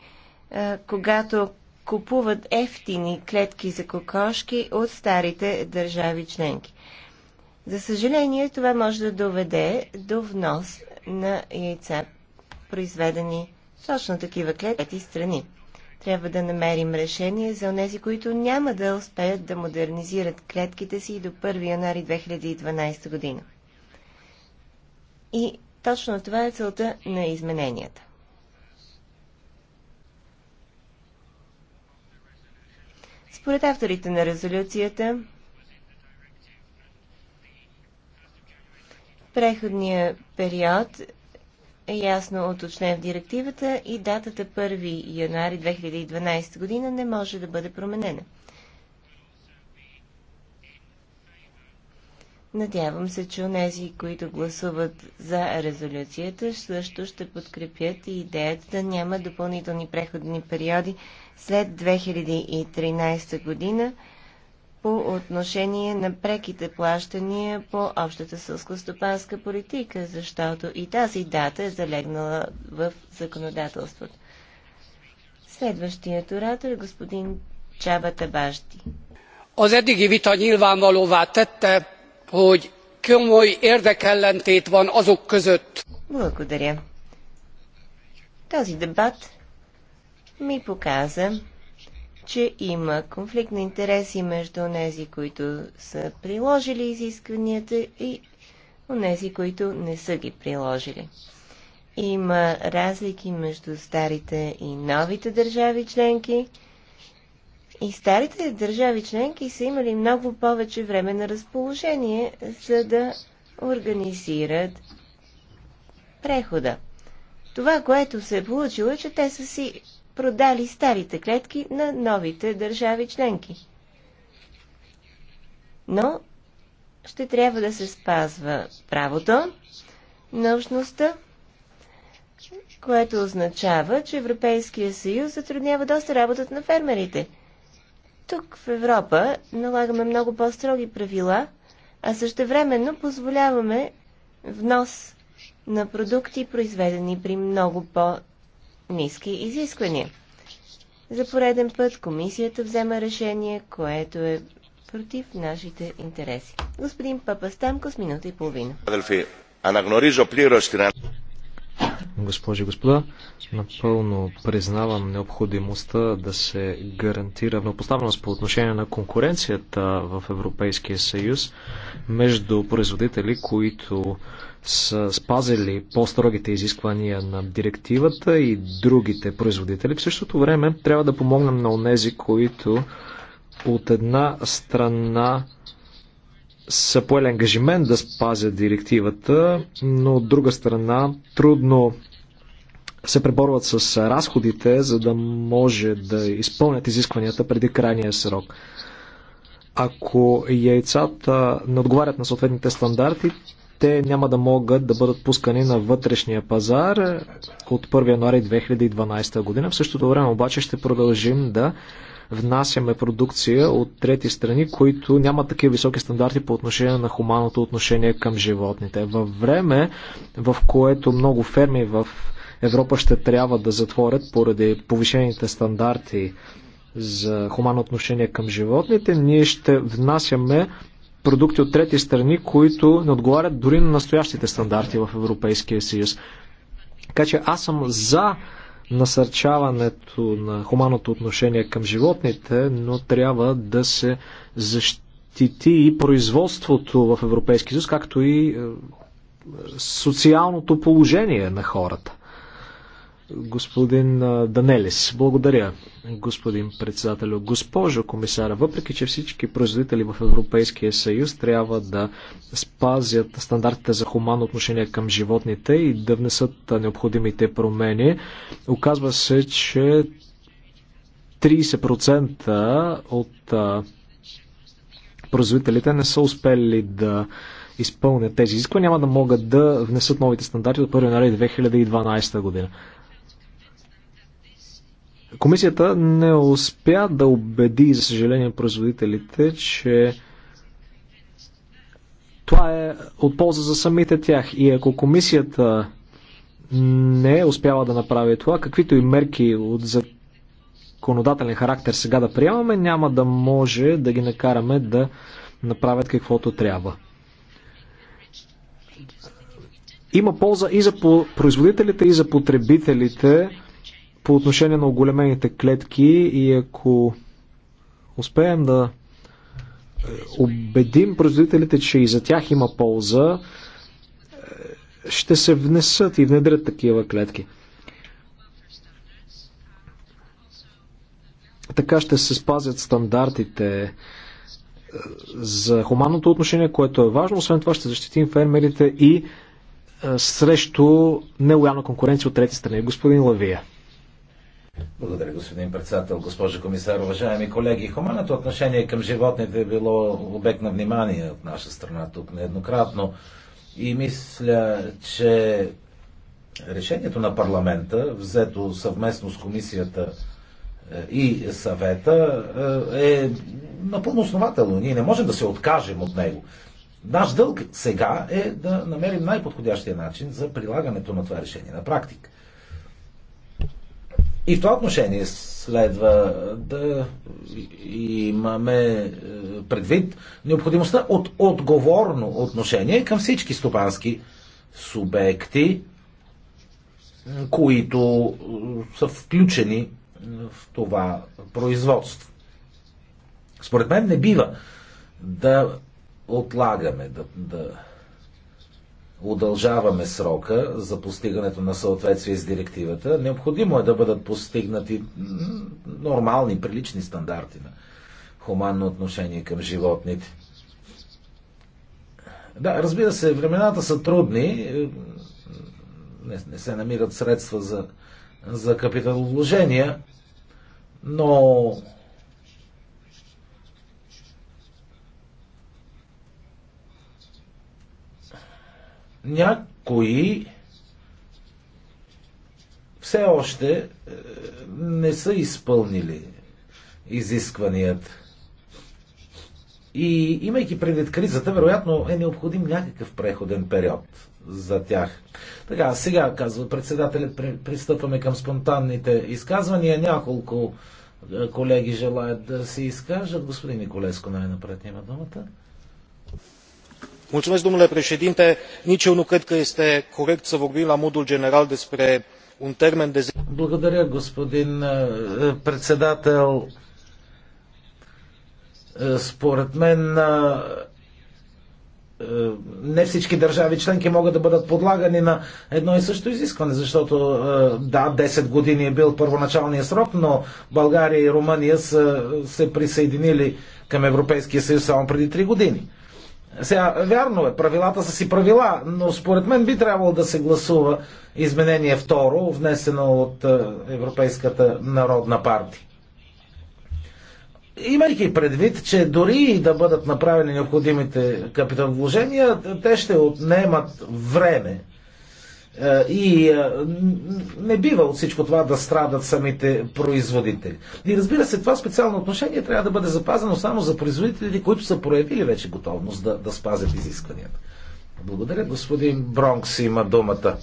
когато купуват ефтини клетки за кокошки от старите държави членки. За съжаление, това може да доведе до внос на яйца, произведени точно такива клетки страни. Трябва да намерим решение за тези, които няма да успеят да модернизират клетките си до 1 януари 2012 година. И точно това е целта на измененията. Според авторите на резолюцията, преходният период е ясно уточнен в директивата и датата 1 януари 2012 година не може да бъде променена. Надявам се, че онези, които гласуват за резолюцията, също ще подкрепят и идеята да няма допълнителни преходни периоди след 2013 година по отношение на преките плащания по общата сълскостопанска политика, защото и тази дата е залегнала в законодателството. Следващият оратор е господин Чаба Табашти. Az eddigi vita nyilvánvalóvá tette, hogy komoly érdekellentét van azok között. Благодаря. Този дебат ми показа, че има конфликт на интереси между тези, които са приложили изискванията и онези, които не са ги приложили. Има разлики между старите и новите държави членки – и старите държави членки са имали много повече време на разположение, за да организират прехода. Това, което се е получило, е, че те са си продали старите клетки на новите държави членки. Но ще трябва да се спазва правото на общността, което означава, че Европейския съюз затруднява доста работата на фермерите – тук в Европа налагаме много по-строги правила, а също времено позволяваме внос на продукти, произведени при много по-низки изисквания. За пореден път комисията взема решение, което е против нашите интереси. Господин Папастамко с минута и половина. Госпожи и господа, напълно признавам необходимостта да се гарантира равнопоставеност по отношение на конкуренцията в Европейския съюз между производители, които са спазили по-строгите изисквания на директивата и другите производители. В същото време трябва да помогнем на онези, които от една страна са поели ангажимент да спазят директивата, но от друга страна трудно се преборват с разходите, за да може да изпълнят изискванията преди крайния срок. Ако яйцата не отговарят на съответните стандарти, те няма да могат да бъдат пускани на вътрешния пазар от 1 януари 2012 година. В същото време обаче ще продължим да внасяме продукция от трети страни, които нямат такива високи стандарти по отношение на хуманното отношение към животните. Във време, в което много ферми в Европа ще трябва да затворят поради повишените стандарти за хуманно отношение към животните, ние ще внасяме продукти от трети страни, които не отговарят дори на настоящите стандарти в Европейския съюз. Така че аз съм за насърчаването на хуманното отношение към животните, но трябва да се защити и производството в Европейския съюз, както и е, социалното положение на хората господин Данелис. Благодаря, господин председател. Госпожо комисара, въпреки че всички производители в Европейския съюз трябва да спазят стандартите за хуманно отношение към животните и да внесат необходимите промени, оказва се, че 30% от производителите не са успели да изпълнят тези изисквания, няма да могат да внесат новите стандарти от 1 януари 2012 година. Комисията не успя да убеди, за съжаление, производителите, че това е от полза за самите тях. И ако комисията не е успява да направи това, каквито и мерки от законодателен характер сега да приемаме, няма да може да ги накараме да направят каквото трябва. Има полза и за производителите, и за потребителите по отношение на оголемените клетки и ако успеем да е, убедим производителите, че и за тях има полза, е, ще се внесат и внедрят такива клетки. Така ще се спазят стандартите е, за хуманното отношение, което е важно. Освен това ще защитим фермерите и срещу нелояна конкуренция от трети страни. Господин Лавия. Благодаря, господин председател, госпожа комисар, уважаеми колеги. Хуманното отношение към животните е било обект на внимание от наша страна тук нееднократно. И мисля, че решението на парламента, взето съвместно с комисията е, и съвета, е, е напълно основателно. Ние не можем да се откажем от него. Наш дълг сега е да намерим най-подходящия начин за прилагането на това решение на практика. И в това отношение следва да имаме е, предвид необходимостта от отговорно отношение към всички стопански субекти, които е, са включени е, в това производство. Според мен не бива да отлагаме, да, да удължаваме срока за постигането на съответствие с директивата. Необходимо е да бъдат постигнати нормални, прилични стандарти на хуманно отношение към животните. Да, разбира се, времената са трудни, е, не, не се намират средства за, за капиталовложения, но Някои все още е, не са изпълнили изискванията. И имайки предвид кризата, вероятно е необходим някакъв преходен период за тях. Така, сега, казва председателят, пристъпваме към спонтанните изказвания. Няколко е, колеги желаят да се изкажат. Господин Николеско най-напред няма думата nici eu nu cred că este corect să vorbim la modul general despre un termen de. Благодаря, господин председател. Според мен не всички държави членки могат да бъдат подлагани на едно и също изискване, защото да, 10 години е бил първоначалният срок, но България и Румъния са се присъединили към Европейския съюз само преди 3 години. Сега, вярно е, правилата са си правила, но според мен би трябвало да се гласува изменение второ, внесено от е, Европейската народна партия. Имайки предвид, че дори и да бъдат направени необходимите вложения, те ще отнемат време е, и е, не бива от всичко това да страдат самите производители. И разбира се, това специално отношение трябва да бъде запазено само за производителите, които са проявили вече готовност да, да спазят изискванията. Благодаря, господин Бронкс има думата.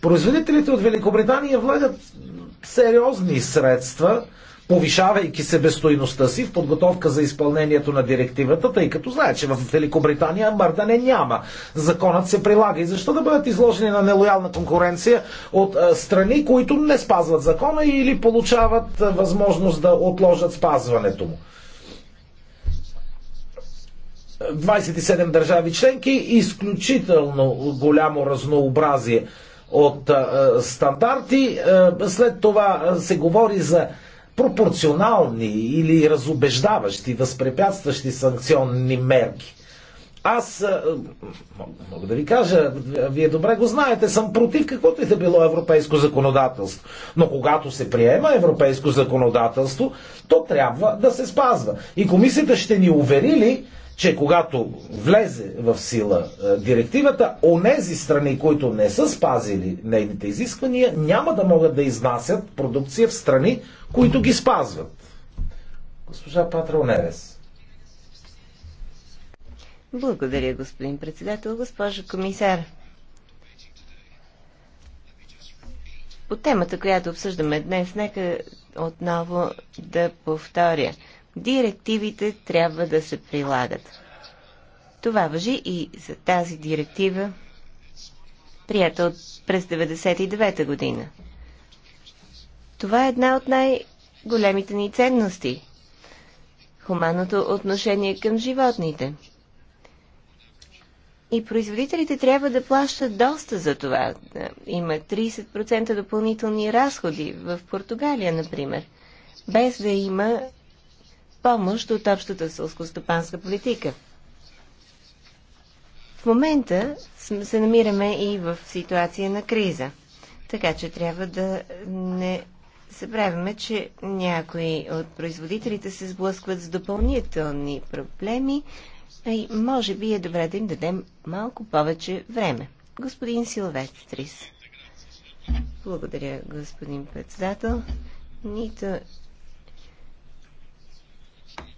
Производителите от Великобритания влагат сериозни средства повишавайки себестойността си в подготовка за изпълнението на директивата, тъй като знае, че в Великобритания мърдане няма. Законът се прилага. И защо да бъдат изложени на нелоялна конкуренция от страни, които не спазват закона или получават възможност да отложат спазването му? 27 държави членки, изключително голямо разнообразие от стандарти. След това се говори за пропорционални или разобеждаващи, възпрепятстващи санкционни мерки. Аз е, мога да ви кажа, вие добре го знаете, съм против каквото и да било европейско законодателство. Но когато се приема европейско законодателство, то трябва да се спазва. И комисията ще ни увери ли, че когато влезе в сила е, директивата, онези страни, които не са спазили нейните изисквания, няма да могат да изнасят продукция в страни, които ги спазват. Госпожа Патрал Невес. Благодаря, господин председател, госпожа комисар. По темата, която обсъждаме днес, нека отново да повторя – директивите трябва да се прилагат. Това въжи и за тази директива, прията от през 99-та година. Това е една от най-големите ни ценности – хуманното отношение към животните. И производителите трябва да плащат доста за това. Има 30% допълнителни разходи в Португалия, например, без да има помощ от общата сълскостопанска политика. В момента се намираме и в ситуация на криза, така че трябва да не забравяме, че някои от производителите се сблъскват с допълнителни проблеми и може би е добре да им дадем малко повече време. Господин Силвестрис. Благодаря, господин председател. Нито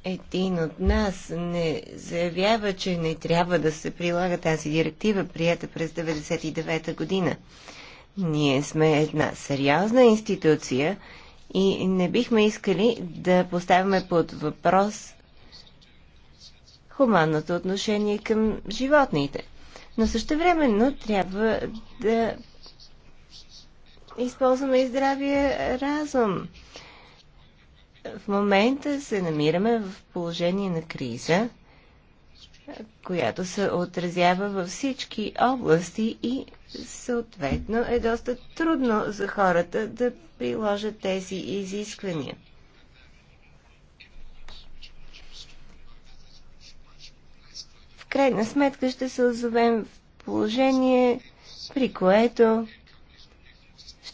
един от нас не заявява, че не трябва да се прилага тази директива, прията през 1999 година. Ние сме една сериозна институция и не бихме искали да поставяме под въпрос хуманното отношение към животните. Но също времено трябва да използваме и здравия разум. В момента се намираме в положение на криза, която се отразява във всички области и съответно е доста трудно за хората да приложат тези изисквания. В крайна сметка ще се озовем в положение, при което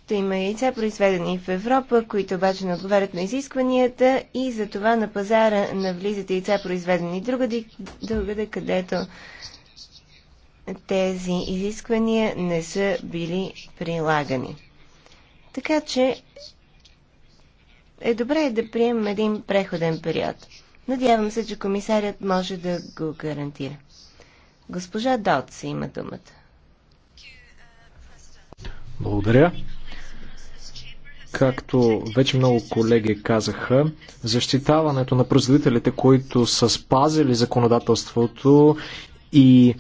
ще има яйца, произведени в Европа, които обаче не отговарят на изискванията и за това на пазара навлизат яйца, произведени другаде, другаде където тези изисквания не са били прилагани. Така че е добре да приемем един преходен период. Надявам се, че комисарят може да го гарантира. Госпожа Дотс има думата. Благодаря. Както вече много колеги казаха, защитаването на производителите, които са спазили законодателството и е,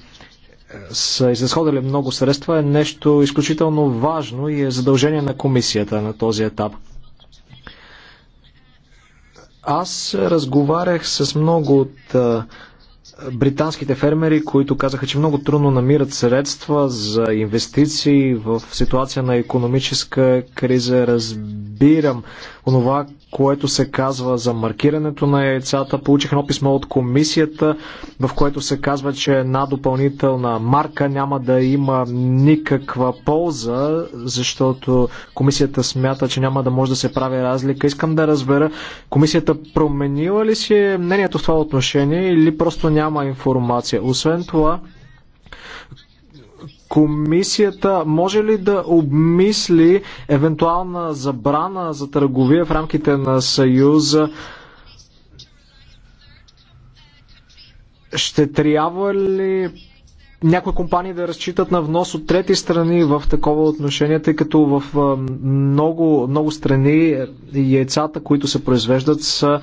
са изразходили много средства е нещо изключително важно и е задължение на комисията на този етап. Аз разговарях с много от е, британските фермери, които казаха, че много трудно намират средства за инвестиции в ситуация на економическа криза. Разбира разбирам онова, което се казва за маркирането на яйцата. Получих едно писмо от комисията, в което се казва, че една допълнителна марка няма да има никаква полза, защото комисията смята, че няма да може да се прави разлика. Искам да разбера, комисията променила ли си мнението в това отношение или просто няма информация? Освен това, Комисията може ли да обмисли евентуална забрана за търговия в рамките на Съюза? Ще трябва ли някои компании да разчитат на внос от трети страни в такова отношение, тъй като в много, много страни яйцата, които се произвеждат, са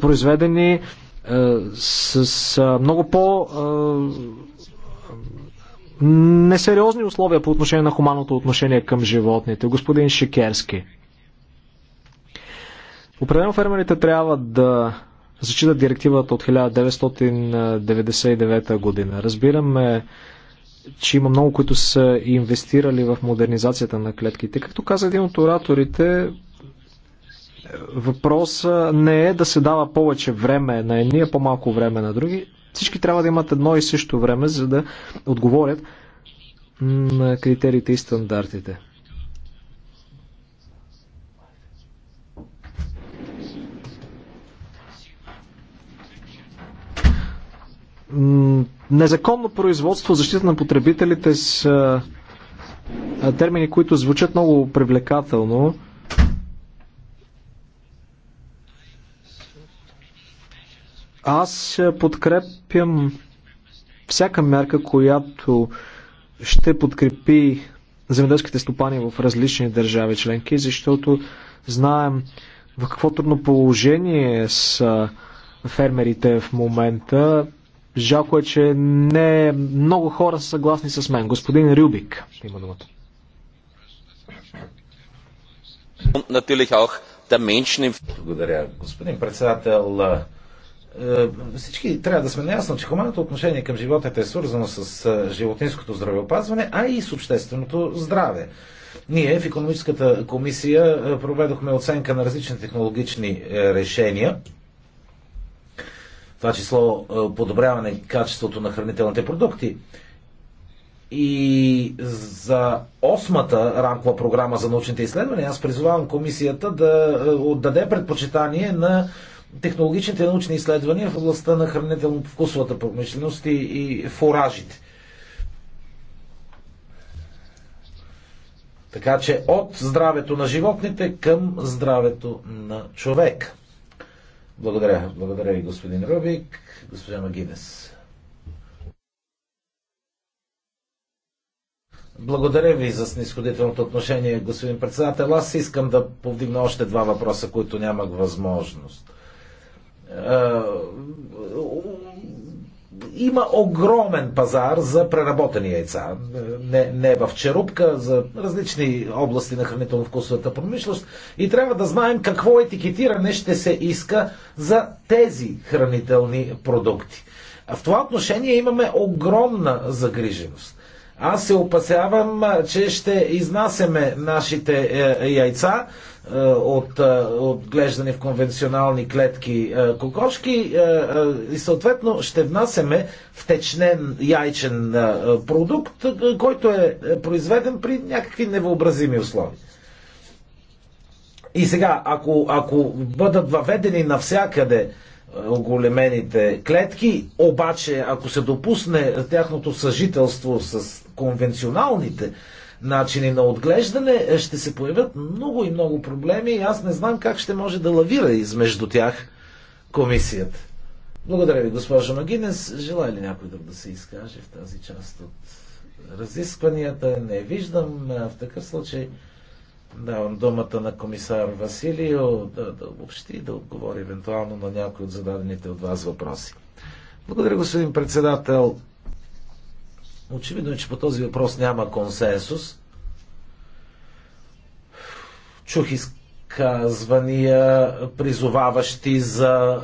произведени с много по- несериозни условия по отношение на хуманното отношение към животните. Господин Шикерски. Определено фермерите трябва да зачитат директивата от 1999 година. Разбираме, че има много, които са инвестирали в модернизацията на клетките. Както каза един от ораторите, въпрос не е да се дава повече време на едни, а по-малко време на други. Всички трябва да имат едно и също време, за да отговорят на критериите и стандартите. Незаконно производство, защита на потребителите са термини, които звучат много привлекателно. Аз подкрепям всяка мярка, която ще подкрепи земеделските стопани в различни държави членки, защото знаем в какво трудно положение са фермерите в момента. Жалко е, че не много хора са съгласни с мен. Господин Рюбик има думата. Благодаря, господин председател. Е, всички трябва да сме наясно, че хуманното отношение към живота е свързано с е, животинското здравеопазване, а и с общественото здраве. Ние в економическата комисия е, проведохме оценка на различни технологични решения, това число подобряване на качеството на хранителните продукти. И за осмата рамкова програма за научните изследвания аз призовавам комисията да отдаде предпочитание на технологичните научни изследвания в областта на хранително-вкусовата промишленост и, и фуражите. Така че от здравето на животните към здравето на човек. Благодаря. Благодаря ви, господин Рубик. Госпожа Магинес. Благодаря ви за снисходителното отношение, господин председател. Аз искам да повдигна още два въпроса, които нямах възможност има огромен пазар за преработени яйца. Не, не в черупка, за различни области на хранително-вкусовата промишленост. И трябва да знаем какво етикетиране ще се иска за тези хранителни продукти. В това отношение имаме огромна загриженост. Аз се опасявам, че ще изнасяме нашите е, яйца е, от е, отглеждане в конвенционални клетки е, кокошки и съответно ще внасяме втечнен яйчен продукт, който е произведен при някакви невъобразими условия. И сега, ако, ако бъдат въведени навсякъде оголемените клетки, обаче ако се допусне тяхното съжителство с конвенционалните, начини на отглеждане, е, ще се появят много и много проблеми и аз не знам как ще може да лавира измежду тях комисията. Благодаря ви, госпожо Магинес. Желая ли някой друг да се изкаже в тази част от разискванията? Не виждам. В такъв случай давам думата на комисар Василио да, да обобщи и да отговори евентуално на някои от зададените от вас въпроси. Благодаря, господин председател. Очевидно е, че по този въпрос няма консенсус. Чух изказвания, призоваващи за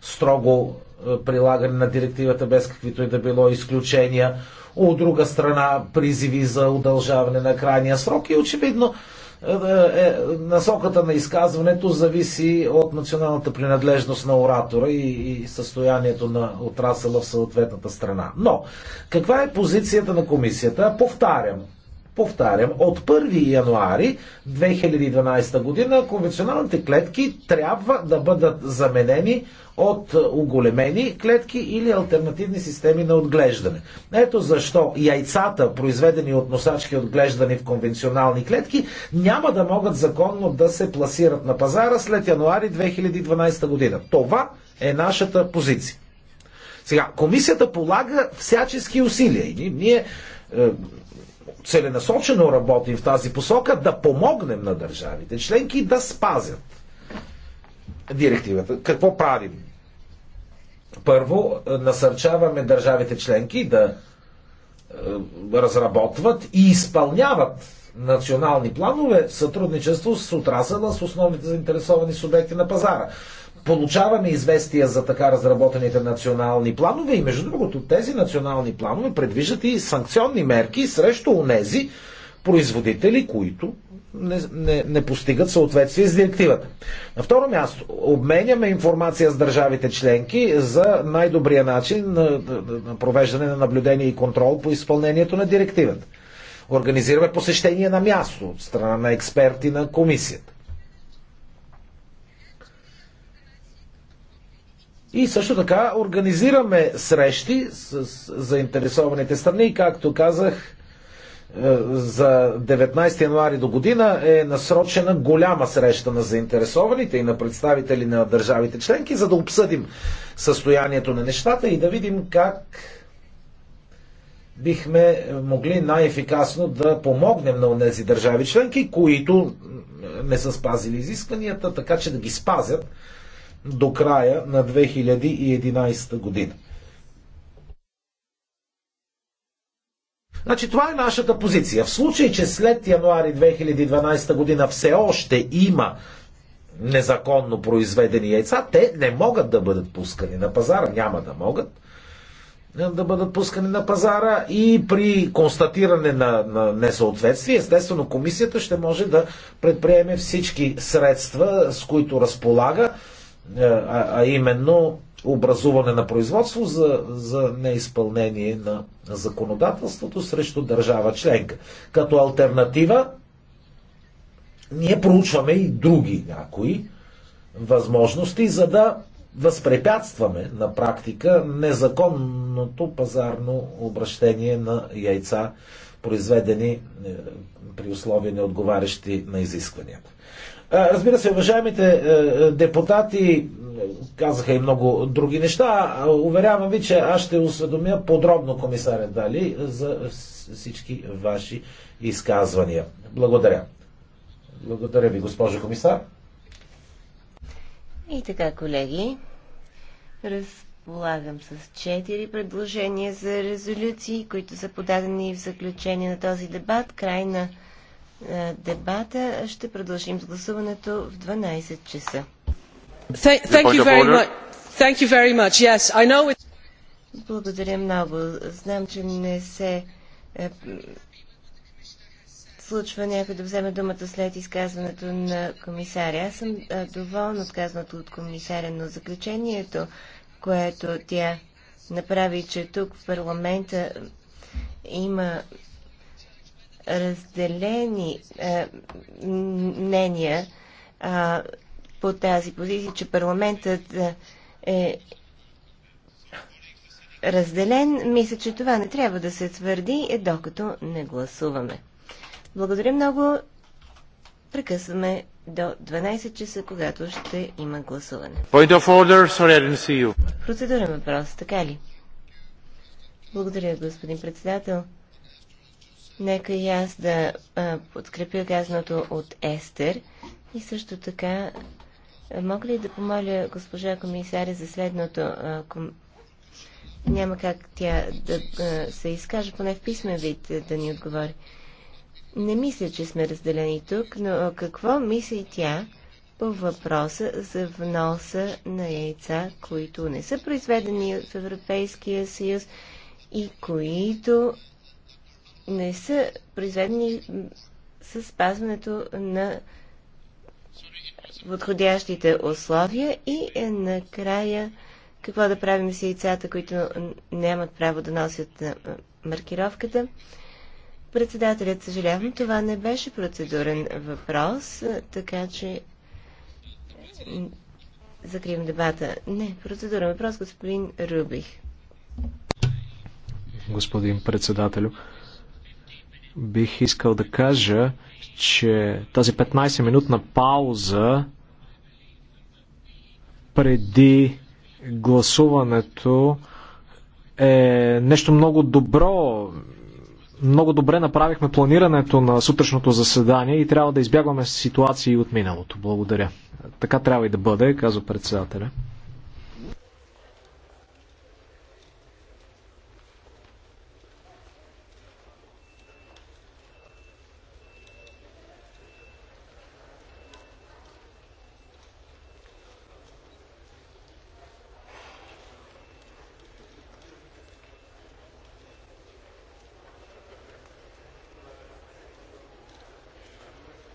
строго е, прилагане на директивата без каквито и да било изключения. От друга страна, призиви за удължаване на крайния срок и очевидно е, е, е, насоката на изказването зависи от националната принадлежност на оратора и, състоянието на отрасъла в съответната страна. Но, каква е позицията на комисията? Повтарям, Повтарям, от 1 януари 2012 година конвенционалните клетки трябва да бъдат заменени от оголемени клетки или альтернативни системи на отглеждане. Ето защо яйцата, произведени от носачки отглеждани в конвенционални клетки, няма да могат законно да се пласират на пазара след януари 2012 година. Това е нашата позиция. Сега, комисията полага всячески усилия. И ние, ние целенасочено работим в тази посока, да помогнем на държавите членки да спазят директивата. Какво правим? Първо, е, насърчаваме държавите членки да е, разработват и изпълняват национални планове сътрудничество с отрасъла с основните заинтересовани субекти на пазара получаваме известия за така разработените национални планове и между другото тези национални планове предвиждат и санкционни мерки срещу онези производители, които не, не, не постигат съответствие с директивата. На второ място, обменяме информация с държавите членки за най-добрия начин на, на провеждане на наблюдение и контрол по изпълнението на директивата. Организираме посещение на място от страна на експерти на комисията И също така организираме срещи с заинтересованите страни, както казах, е, за 19 януари до година е насрочена голяма среща на заинтересованите и на представители на държавите членки, за да обсъдим състоянието на нещата и да видим как бихме могли най-ефикасно да помогнем на тези държави членки, които не са спазили изискванията, така че да ги спазят до края на 2011 година. Значи това е нашата позиция. В случай, че след януари 2012 година все още има незаконно произведени яйца, те не могат да бъдат пускани на пазара, няма да могат е, да бъдат пускани на пазара и при констатиране на, на несъответствие, естествено комисията ще може да предприеме всички средства, с които разполага, е, а, а именно образуване на производство за, за неизпълнение на законодателството срещу държава членка. Като альтернатива, ние проучваме и други някои възможности, за да възпрепятстваме на практика незаконното пазарно обращение на яйца, произведени е, при условия неотговарящи на изискванията. Разбира се, уважаемите е, е, депутати е, казаха и много други неща. Уверявам ви, че аз ще осведомя подробно комисаря Дали за всички ваши изказвания. Благодаря. Благодаря ви, госпожо комисар. И така, колеги, разполагам с четири предложения за резолюции, които са подадени в заключение на този дебат. Край на е, дебата. Ще продължим с гласуването в 12 часа. Благодаря много. Знам, че не се е, случва някой да вземе думата след изказването на комисаря. Аз съм е, доволна от казаното от комисаря, но заключението, което тя направи, че тук в парламента има разделени е, мнения по тази позиция, че парламентът е, е разделен. Мисля, че това не трябва да се твърди, е, докато не гласуваме. Благодаря много. Прекъсваме до 12 часа, когато ще има гласуване. Point of order, sorry, I didn't see you. Процедурен въпрос, така ли? Благодаря, господин председател. Нека и аз да а, подкрепя казаното от Естер. И също така, мога ли да помоля госпожа комисаря за следното? А, ком... Няма как тя да а, се изкаже, поне в писмен вид да ни отговори. Не мисля, че сме разделени тук, но какво мисли тя по въпроса за вноса на яйца, които не са произведени в Европейския съюз и които не са произведени с спазването на подходящите условия и е, накрая какво да правим с яйцата, които нямат право да носят е, маркировката. Председателят, съжалявам, това не беше процедурен въпрос, е, така че закривам дебата. Не, процедурен въпрос, господин Рубих. Господин председателю, бих искал да кажа, че тази 15-минутна пауза преди гласуването е нещо много добро. Много добре направихме планирането на сутрешното заседание и трябва да избягваме ситуации от миналото. Благодаря. Така трябва и да бъде, казва председателя.